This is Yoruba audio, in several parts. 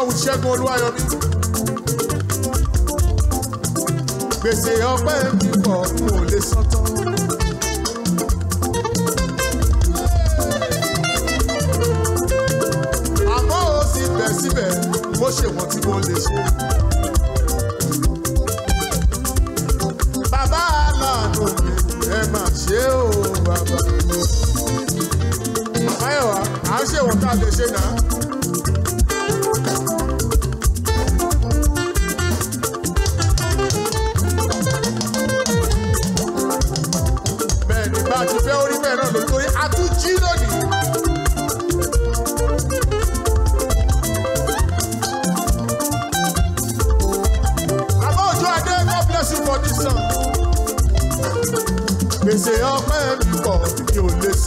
ọlọ́run ṣẹ́gun olúwayọ̀mí. gbèsè ọpẹ́ mi pọ̀ n ò lè san tán. àmọ́ ó síbẹ̀síbẹ̀ mo ṣe wọ́n tí mo lè ṣe. bàbá aláàánú ẹ máa ṣe ó bàbá. Máyọ̀wá à ń ṣèwọ̀n tá a lè ṣe náà.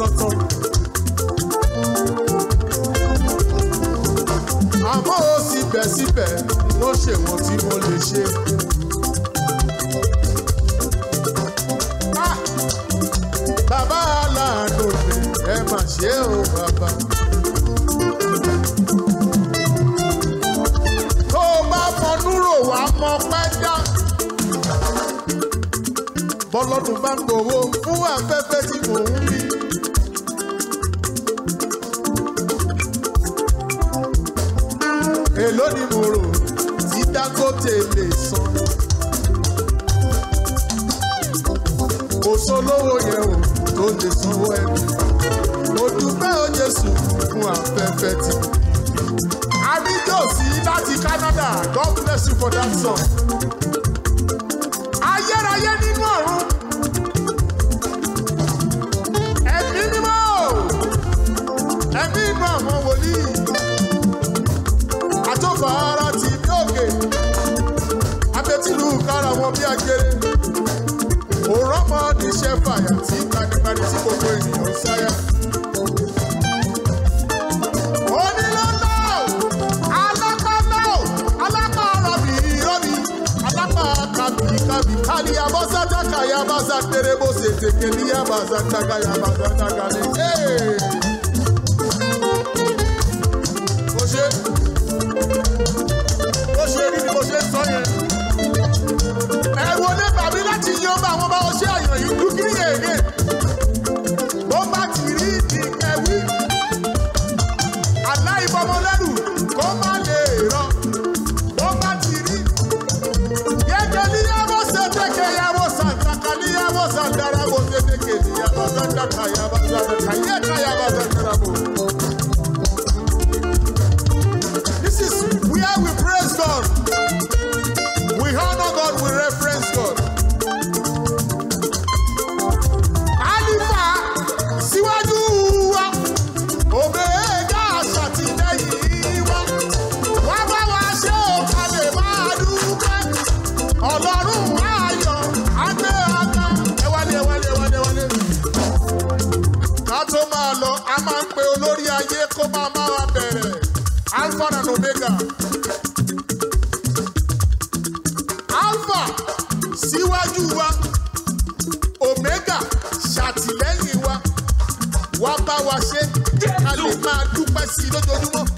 kankan. àmọ́ ó síbẹ̀síbẹ̀ ló ṣèwọ̀n tí mo lè ṣe. Ah! bàbá aláàánú mi ẹ mà ṣe o bàbá. tó o bá fọnú rò wá mọ pẹ́ dá bọ́lọ́dún bá ń gbowó fún afẹ́fẹ́ tí mò ń rí. lónìí mo rò tí Dangote lè san. kò sólówó yẹn o tó lè sanwó ẹni. mo dúpẹ́ o Jésù fún afẹ́fẹ́ tí. Adíjọ́sí láti Canada God bless you for that song. ayérayé nínú ọ̀run. ẹ̀mí mímọ́ ẹ̀mí inú àwọn àyà tí gbanigbani tí gbogbo ènìyàn ń sáyà. onílọ́lọ́ alápálọ́ alápá rọ̀bì rọ̀bì alápá kàbì kàbì kàlíyà bọ́sà takàyà bàsà péré bó ṣe tèké níyà bàsà takàyà bàsà takàlẹ̀. ṣe bó ṣe rí ni mo ṣe ń sọ yẹn. ẹ̀rù olébàbí láti yí ó bá wọn. dúpẹ́ sí lójoojúmọ́.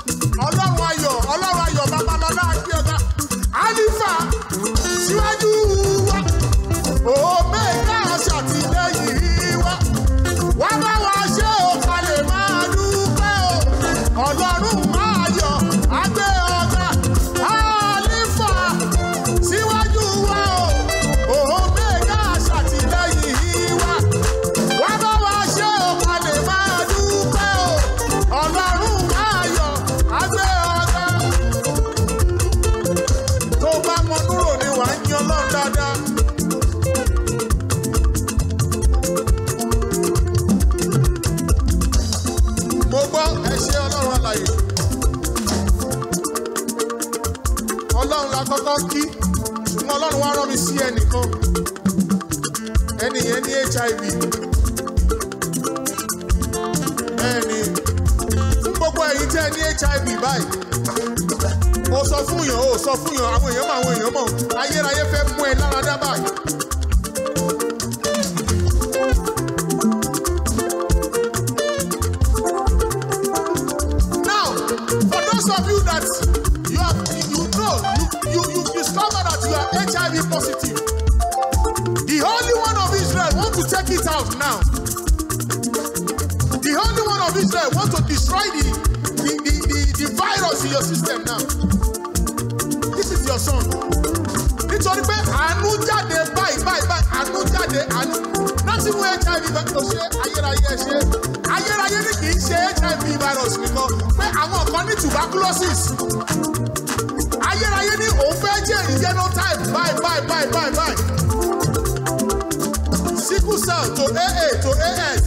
àbúrò mo sọ fún yàn o sọ fún yàn àwọn èèyàn mọ àwọn èèyàn mọ ayérayé fẹ́ mú ẹ lára dá báyìí. condition nítorí pé àánú jáde báyìí báyìí báyìí àánú jáde àánú láti mú hiv bá ṣe ayérayé ṣe ayérayé ni kì ṣe hiv virus nìkan pé àwọn kan ní tuberculosis ayérayé ni òun fẹ́ jẹ́ genotype báyìí báyìí báyìí báyìí báyìí sickle cell to aa to as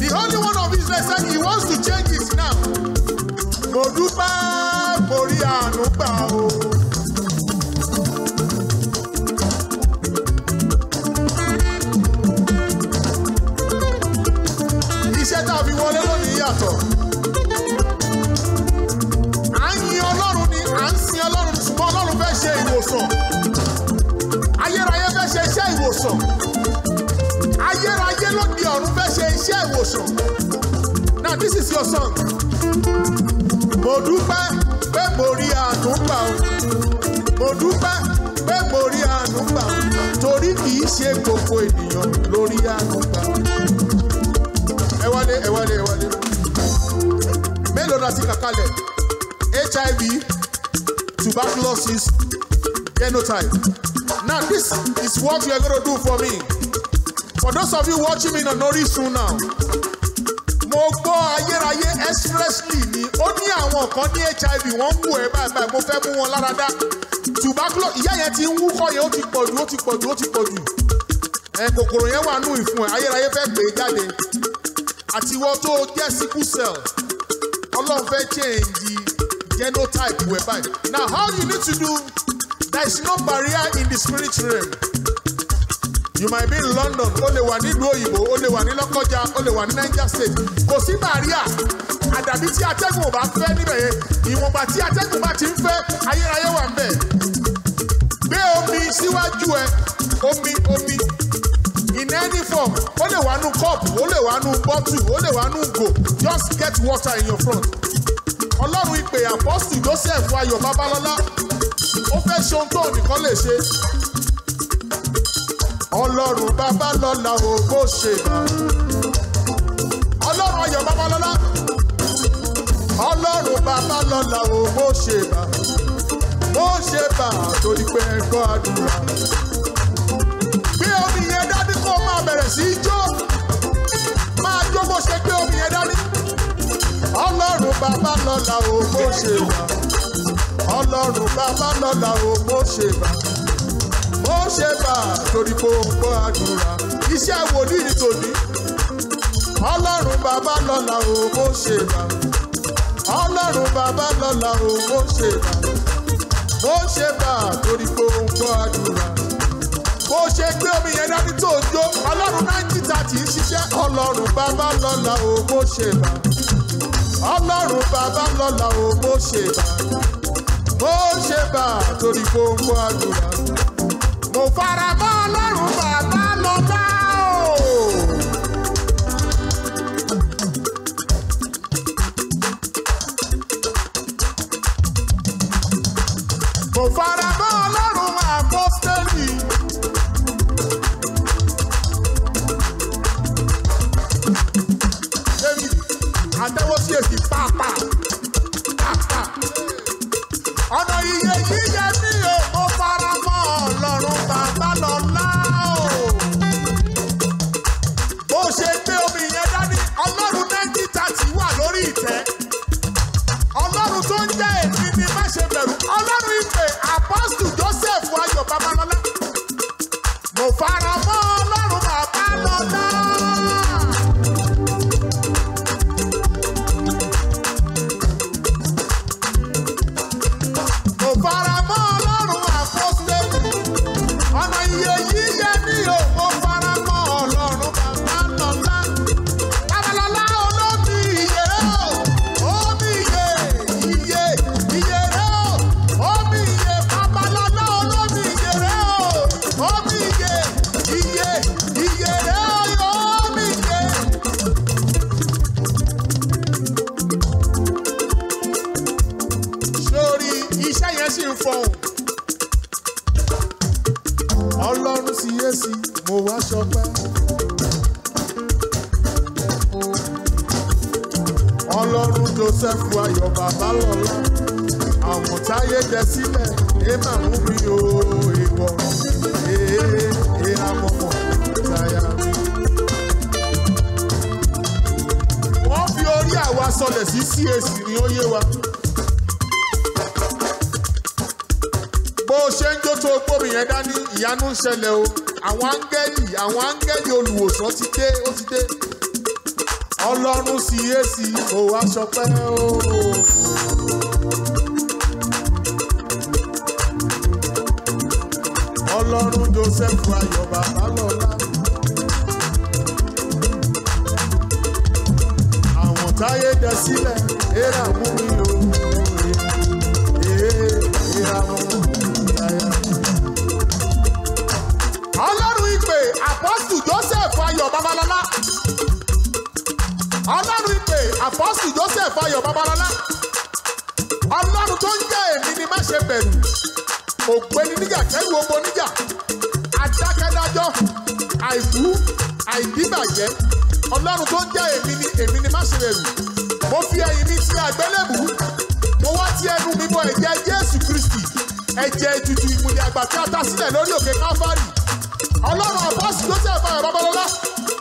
the only one of Israel said he wants to change it now mo dúpẹ́ mo àánú gbà o. sí kàkálẹ̀ hiv tuberculosis genotype now this is what you are gonna do for me for those of you watching me on soon now mo gbọ́ ayérayé expressly ni ó ní àwọn kan ní hiv wọ́n ń wò ẹ́ báyìí mo fẹ́ mú wọn lára dá tuberculosis ìyá yẹn ti ń wúkọ́ yẹn ó ti pọ̀jù ó ti pọ̀jù ó ti pọ̀jù ẹ kòkòrò yẹn wà nù ìfun ẹ ayérayé fẹ́ gbé e jáde àtiwọ́ tó jẹ́ sickle cell ọlọ́run fẹ́ change genotype whereby. now how you need to do there is no barrier in the spirit realm you might be in London o lè wà nílùú òyìnbó o lè wà ní Lọ́kọ́jà o lè wà ní Niger State kò sí barrier àdàbí tí atẹ́gùn ò bá fẹ́ níbẹ̀ yẹn ìwọ̀nba tí atẹ́gùn bá ti ń fẹ́ ayérayé wà ń bẹ̀ gbé omi síwájú ẹ omi omi uniform ó lè wà nú cup ó lè wà nú bottle ó lè wà nú go just get water in your front. ọlọ́run ìpè àpọ́sù Joseph Ayọ̀ Babalọ́lá ó fẹ́ ṣe ohun tó nìkan lè ṣe. ọlọ́run Babalọ́lá ò bó ṣe. ọlọ́run Ayọ̀ Babalọ́lá ọlọ́run Babalọ́lá ò bó ṣe bá bó ṣe bá torí pé ẹ̀kọ́ àdúrà. sí jó máa jó bó ṣe gbé omi yẹn dání ọlọ́run bàbá lọ́la ò bó ṣe wà ọlọ́run bàbá lọ́la ò bó ṣe wà bó ṣe wà torí kò gbọ́ àdúrà iṣẹ́ wòlíì ni tòní ọlọ́run bàbá lọ́la ò bó ṣe wà ọlọ́run bàbá lọ́la ò bó ṣe wà bó ṣe wà torí kò gbọ́ àdúrà bó ṣe gbé omi yẹn dání tó ń jó ọlọ́run náìjí tàtí ń ṣiṣẹ́ ọlọ́run bàbá lọ́la o bó ṣe bá ọlọ́run bàbá lọ́la o bó ṣe bá bó ṣe bá torí gbogbo àdúrà mo fara mọ́ ọlọ́run bàbá. sọlẹ̀ sí CAC ni ó yé wa. bó o ṣe ń jó tó gbómi yẹn dání ìyanu ń ṣẹlẹ̀ o àwọn áńgẹ́lì àwọn áńgẹ́lì olùwòsàn ti dé ó ti dé ọlọ́run CAC ó wá ṣọpẹ́ o. ọlọ́run Joseph ayọ̀ bàbá lọ́la. táyé dẹ sílẹ̀ èèrà mú mi o èèrè èèrà mú ìdáyà. ọlọ́run ìpè àpọ́sù Joseph Ayọ̀ Babalọ́lá ọlọ́run ìpè àpọ́sù Joseph Ayọ̀ Babalọ́lá ọlọ́run tó ń jẹ́ èmi ni má ṣe bẹ̀rù ògbéni níjà kẹ́rù obo níjà adákẹ́dájọ́ àìkú àìdíbàjẹ́ ọlọ́run tó ń jẹ́ èmi ni èmi ni má ṣe bẹ̀rù mo fi ẹ̀yìn mi ti àgbélébù mo wá ti ẹnu mi bọ ẹ̀jẹ̀ Jésù Kristi ẹ̀jẹ̀ ètùtù ìmùlẹ̀ àgbà tí a ta sílẹ̀ lórí òkè Káfárì ọlọ́run àbọ̀sì ló tẹ̀ bá ẹ̀rọ bọ́lọ́lá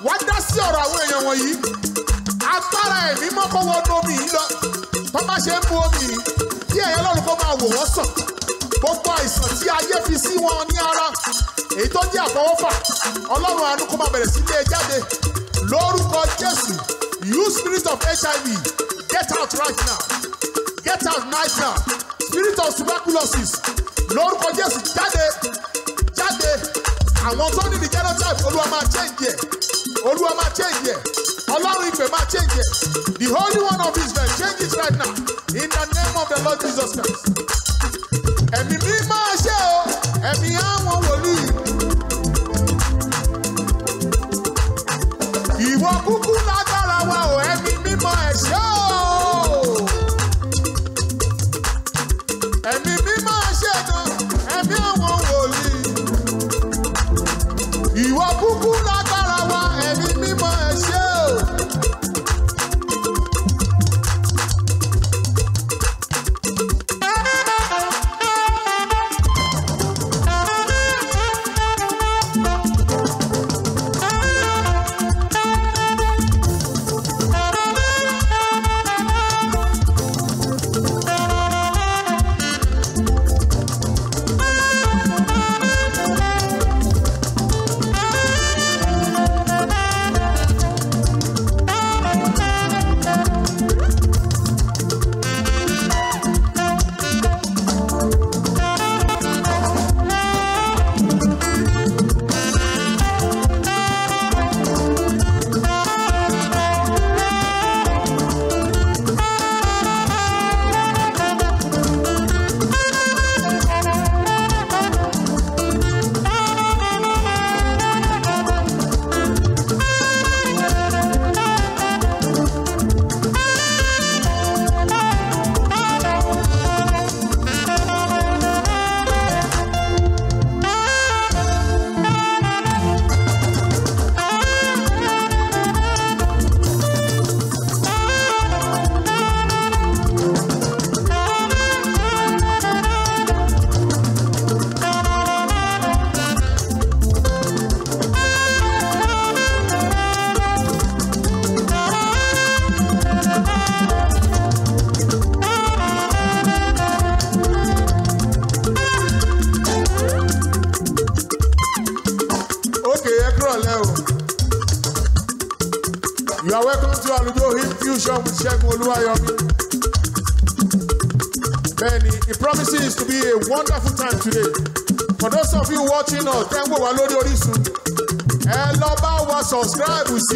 wá dá sí ọ̀rọ̀ àwọn èèyàn wọ̀nyí agbára ẹ̀mí mọ́ kó wọ inú omi yìí lọ tó bá ṣe ń mu omi yìí kí ẹ̀yẹ ọlọ́run kó máa wò wọ́n sàn gbogbo àìsàn tí ayé fi sí wọn ní ara èyí tó jẹ́ àtọwọ́fà ọlọ́run àánú kó máa bẹ̀rẹ̀ sí ilé e jáde lórúkọ jésù you spirit of hiv get out right now get out right now spirit of tuberculosis lórúkọ jésù jáde jáde àwọn tó ní ní genotype olúwa máa change yẹ olúwa máa change yẹ ọlọ́run ìpè máa change yẹ the holy one of israel change it right now in the name of the lord jesus christ ẹ̀mí mi.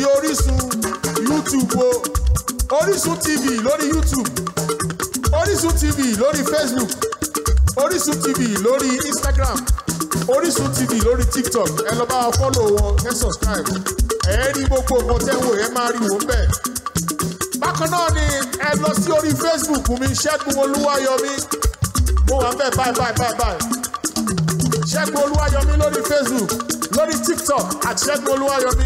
lórí Orísun YouTube o Orísun TV lórí YouTube Orísun TV lórí Facebook Orísun TV lórí Instagram Orísun TV lórí TikTok ẹ lọ bá wa fọ́lọ̀ wọn ẹ subscribe ẹ rí gbogbo nǹkan tẹ́ ń ẹ máa rí wọn bẹ́ẹ̀. bákan náà ni ẹ lọ sí orí Facebook mi Ṣẹ́gun Olúwayọ̀mí mo wà bẹ́ẹ̀ báyìí báyìí báyìí báyìí Ṣẹ́gun Olúwayọ̀mí lórí Facebook lórí TikTok àti Ṣẹ́gun Olúwayọ̀mí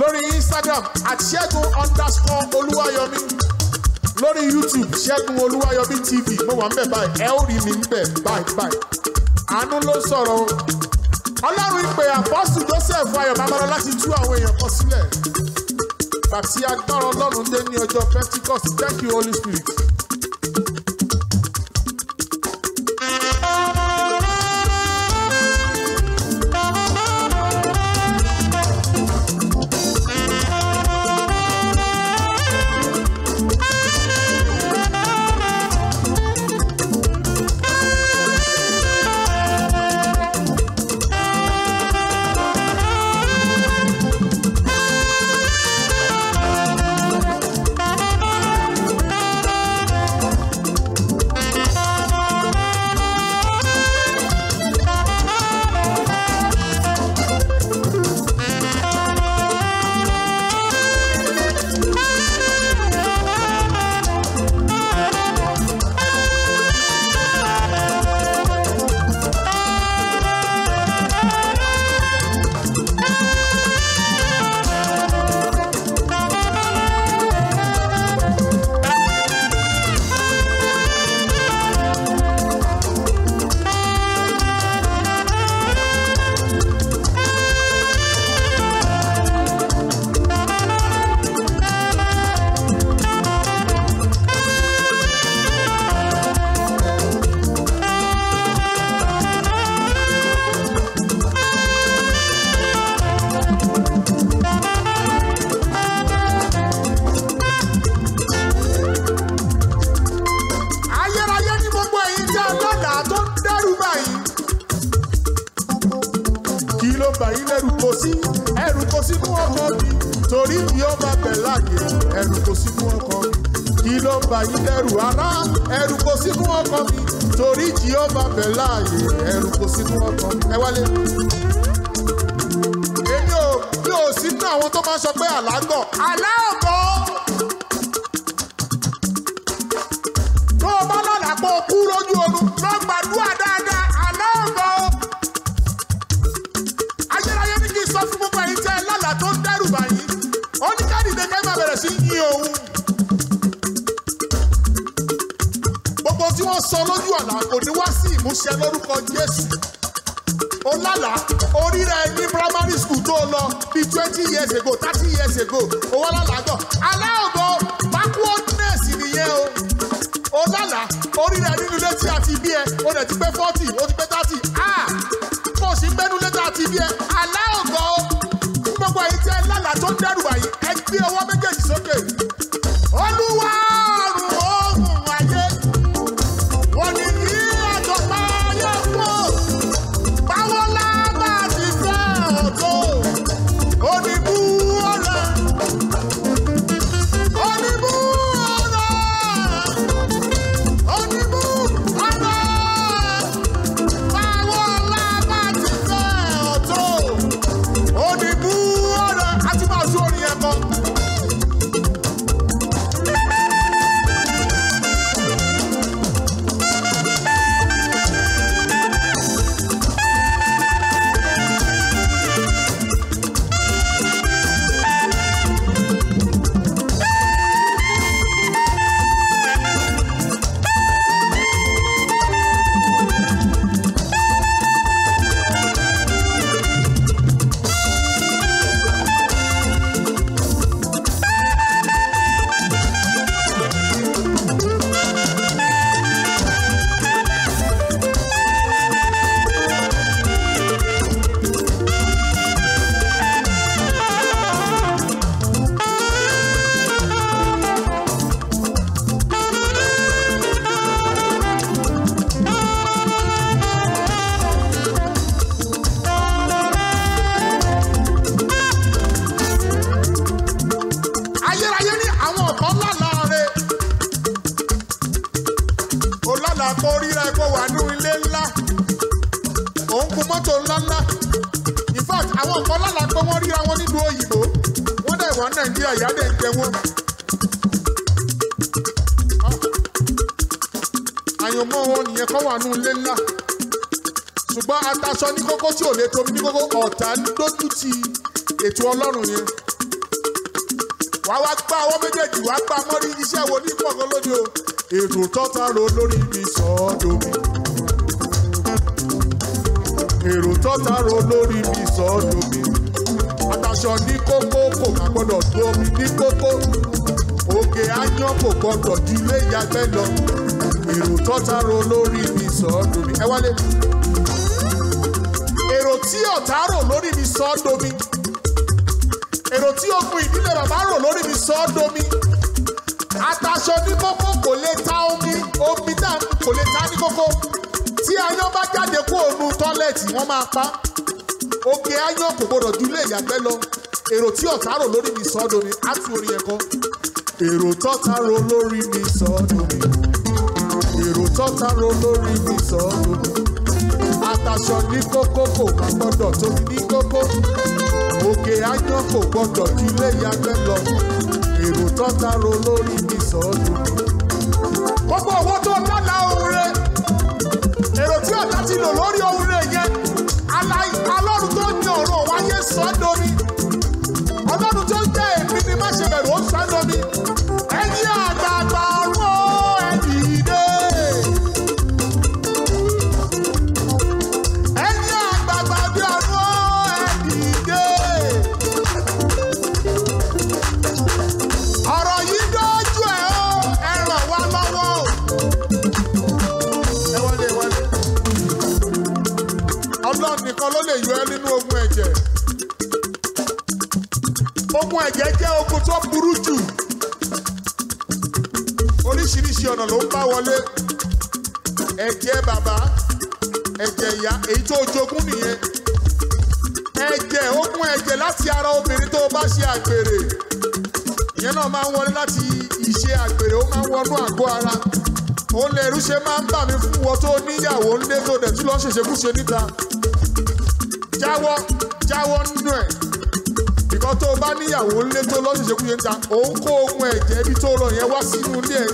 lórí instagram at ṣẹ́gun underscore olúwayọ̀mí lórí youtube ṣẹ́gun olúwayọ̀mí tv mo wà ń bẹ̀ báyìí ẹ ó rí mi ń bẹ̀ báyìí báyìí àánú ló sọ̀rọ̀ o ọlọ́run ìpè àpọ́sù joseph ayọ̀ babalọ láti tú àwọn èèyàn kan sílẹ̀ bàtí agbára ọlọ́run dé ní ọjọ́ pentikọ́sì thank you holy spirit. ó dẹ̀ ti pé forty ó ti kókó tí ò lè tóbi ní kókó ọ̀tá lójú ti ètò ọlọ́run yẹn wàá wá gbá ọwọ́ méjèèjì wàá gbá mọ́rí iṣẹ́ wo ní gbọ̀ngàn lóde o èrò tọ́ta ro lórí mi sọ́ọ́dọ̀mí èrò tọ́ta ro lórí mi sọ́ọ́dọ̀mí àtàṣọ ní kókó kò má gbọ́dọ̀ tó omi ní kókó òkè áyán kò gbọ́dọ̀ ju ilé ìyàgbẹ́ lọ èrò tọ́ta ro lórí mi sọ́ọ́dọ̀mí ẹ wálé ọ̀tá rò lórí mi sọ ọ́ domi èrò tí ogun ìdílé bàbá rò lórí mi sọ domi ataṣọ ní kókó kò lè ta omi omi náà kò lè ta ní kókó tí ayán bá jáde kó ònu tọ́lẹ̀tì wọ́n máa pa òkè ayán kò gbọdọ̀ dúlé ìyàgbẹ́ lọ èrò tí ọ̀tá lórí mi sọ domi á ti orin ẹ̀kọ́ èrò tọ́ta lórí mi sọ domi èrò tọ́ta rò lórí mi sọ domi taṣọ ní kókó kò má gbọ́dọ̀ tóbi ní kókó òkè ájọ kò gbọ́dọ̀ ju ilé ìyàgbẹ́ lọ èrò tọ́ta ro lórí mi sọ́ọ́dù. gbogbo owó tó ń dá la ohun rẹ̀ èrò tí ọ̀tá ti lò lórí ohun ẹranko tó burú jù oríṣiríṣi ọ̀nà ló ń bá wọlé ẹ̀jẹ̀ bàbá ẹ̀jẹ̀ ìyá èyí tó jogún nìyẹn ẹ̀jẹ̀ ó mú ẹ̀jẹ̀ láti ara obìnrin tó bá ṣe àgbèrè ìyẹn náà máa ń wọlé láti ìṣe àgbèrè ó máa ń wọnú àgọ́ ara òun lè rú ṣe máa ń bà mí fún wọn tó níyàwó ńlé tó dẹ̀ tún lọ́ ṣèṣekúṣe níta jáwọ́ jáwọ́ nínú ẹ̀ bìkọ́ tó bá níyàwó ńlé tó lọ́sẹ̀ṣẹ̀kú yẹn ta òun kó ohun ẹ̀jẹ̀ ibi tó lọ yẹn wá sínú ilé ẹ̀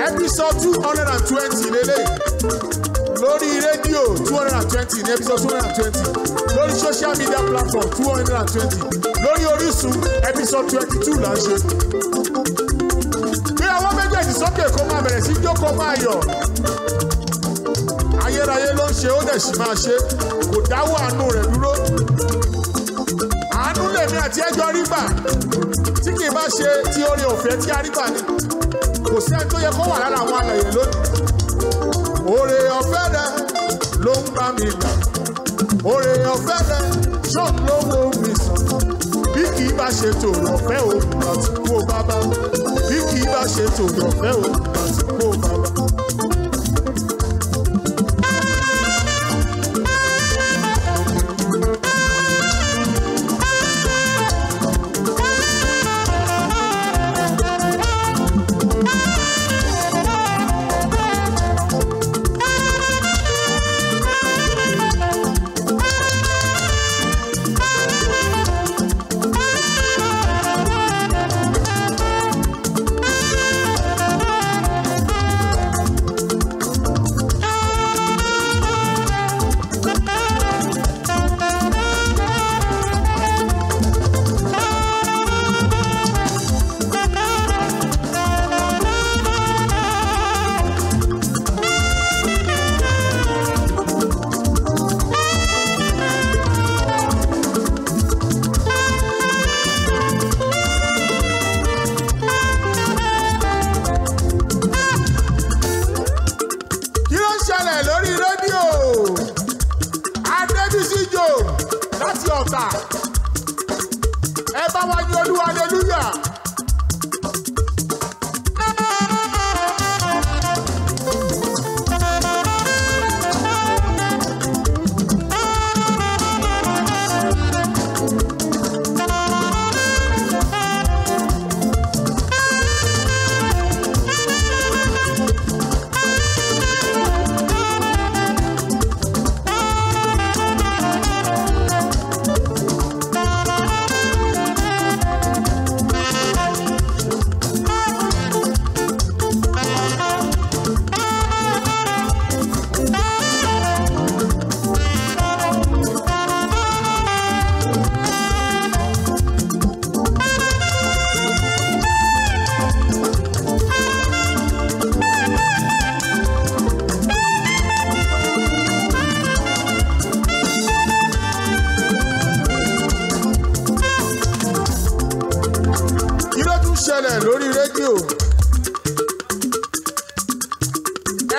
episode two hundred and twenty lélẹ̀ lórí rédíò two hundred and twenty ní episode two hundred and twenty lórí social media platform two hundred and twenty lórí Orísun episode twenty two là ń ṣe. gbé ọwọ́ méjèèjì sókè kó máa bẹ̀rẹ̀ sí jókòó máa yọ̀ ayérayé ló ń ṣe ó dẹ̀ sì máa ṣe kò dáwọ́ àánú rẹ̀ dúró àánú lèmi àti ẹjọ́ rí gbà tí kì í bá ṣe ti oore ọ̀fẹ́ tí a rí gbà ni kò sí ẹni tó yẹ kó wà lára àwọn alàyè lónìí òrè ọ̀fẹ́ rẹ ló ń bá mi là òrè ọ̀fẹ́ rẹ ṣóun ló wo mi sàn bí kì í bá ṣe tòrò ọ̀fẹ́ òun àti bàbá bí kì í bá ṣe tòrò ọ̀fẹ́ òun àti bàbá.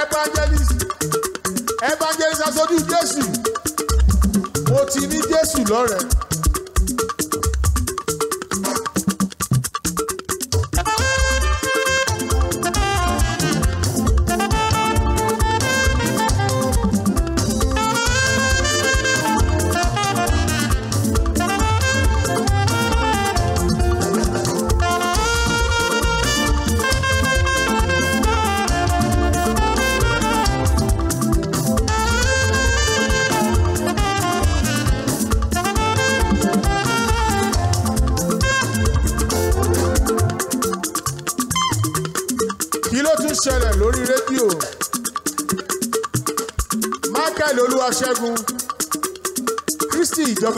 evangelist evangelist aṣojú jésù mo ti ní jésù lọ́rẹ̀ẹ́.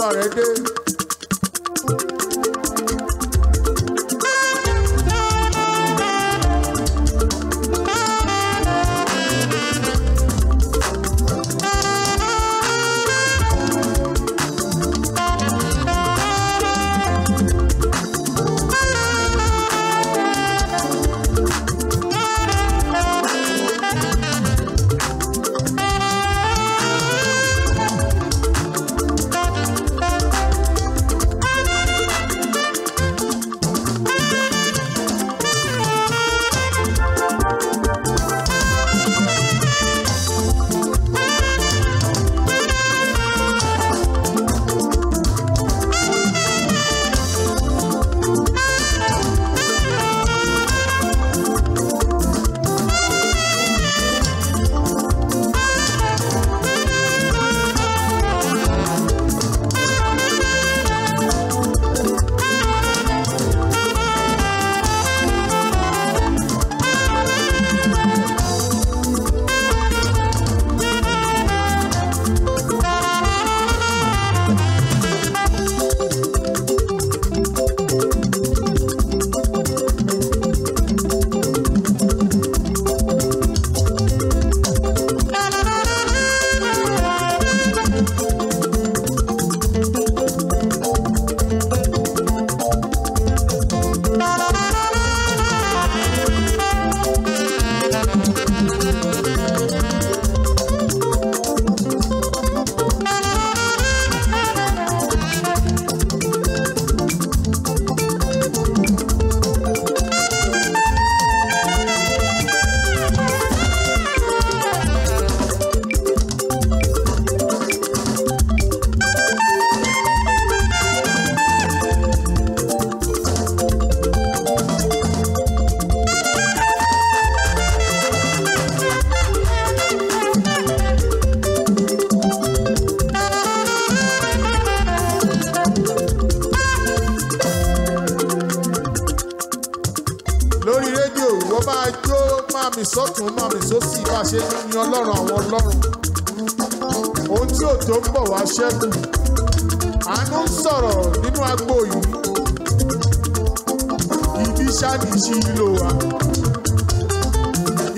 让人。ọlọ́run àwọn ọlọ́run ohun tí ò tó ń bọ̀ wá ṣẹ́gun àánú ń sọ̀rọ̀ nínú agbo yìí ibi ṣáàdì sí ìlò wa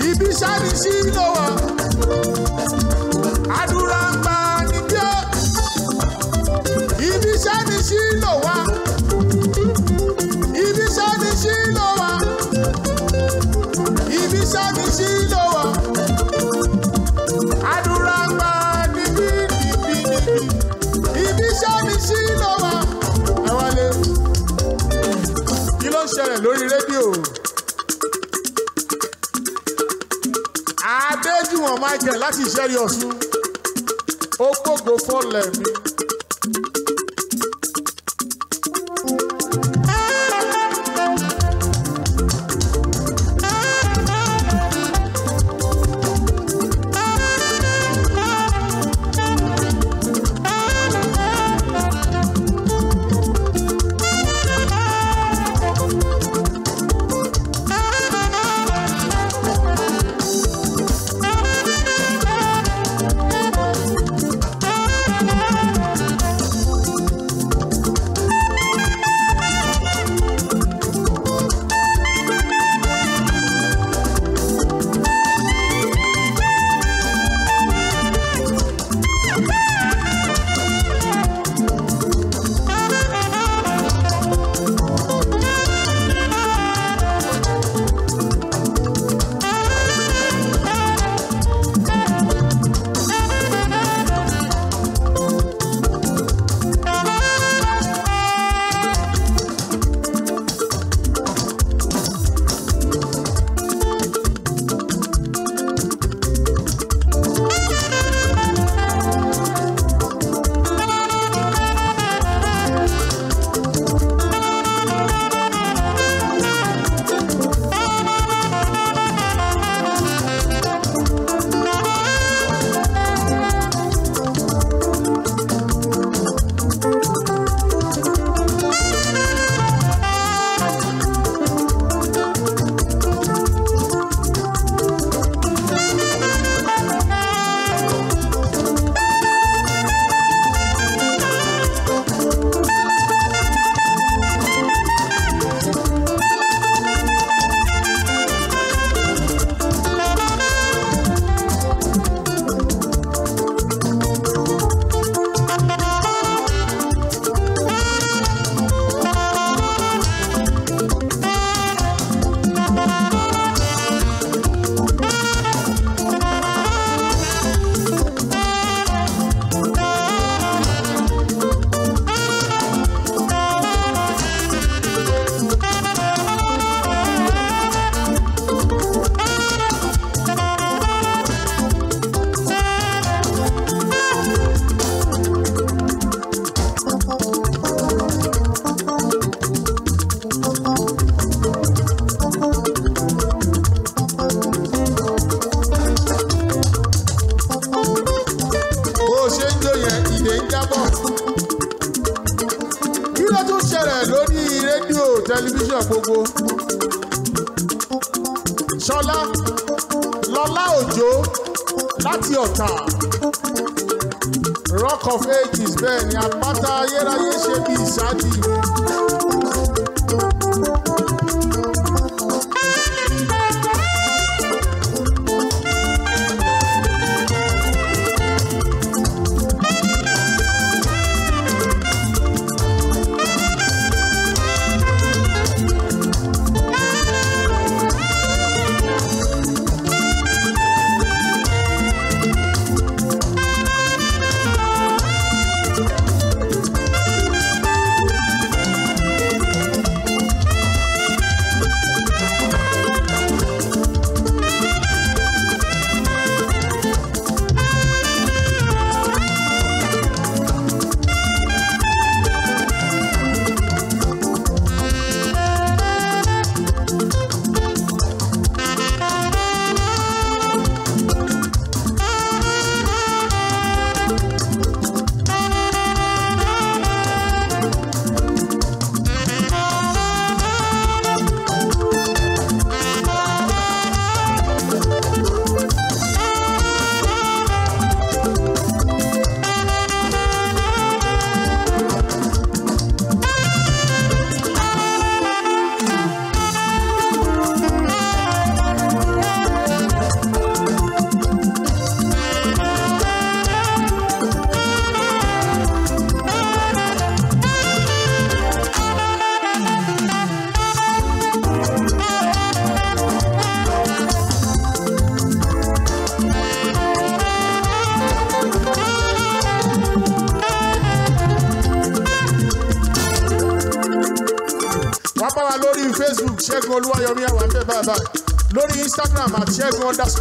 ibi ṣáàdì sí ìlò wa. Michael láti ìṣẹ́rí Ọ̀ṣun ó gbógo fọ́lẹ̀ mi.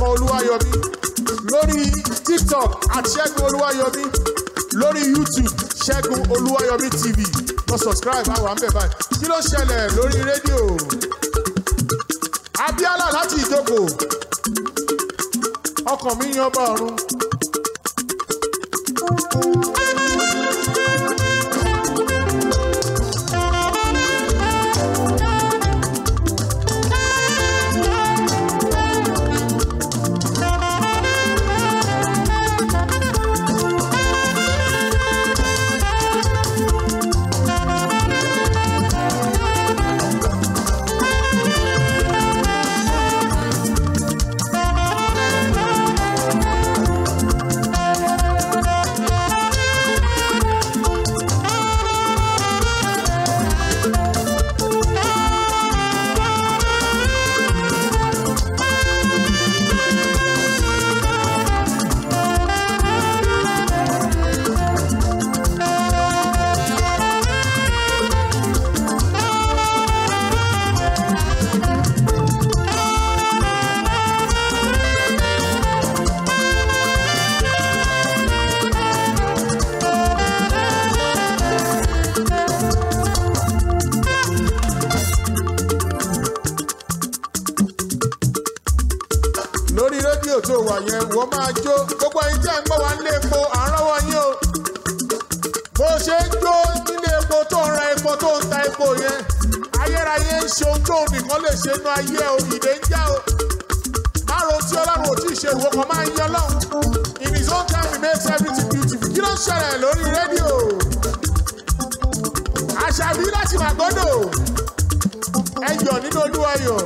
ọmọ olúwayọmí lórí tiktok at ṣẹ́gun olúwayọmí lórí youtube ṣẹ́gun olúwayọmí tv lọ subscribe àwọn àmbẹ̀ báyìí kí ló ṣẹlẹ̀ lórí rédíò abíálà láti ìdókò ọkàn mi yan bá ọ̀run. ṣe ń jó nílé epo tó ń ra epo tó ń ta epo yẹn ayérayé ń ṣe ohun tó nìkan lè ṣe inú ayé o ìdè ń já o márùn tí ọlọ́run ò tí ì ṣe ìwọ kan máa ń yẹ lọ́hùn in his own time he makes everything beautiful kí ló ń ṣẹlẹ̀ lórí rédíò àṣàbí láti màgọ́dọ̀ ẹ̀yọ̀ nínú olúwa yọ̀.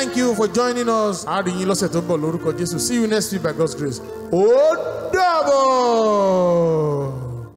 Thank you for joining us. A rí yín lọ́sẹ̀ tó ń bọ̀ lórúkọ Jésù. See you next week by God's grace. Ó dàbọ̀.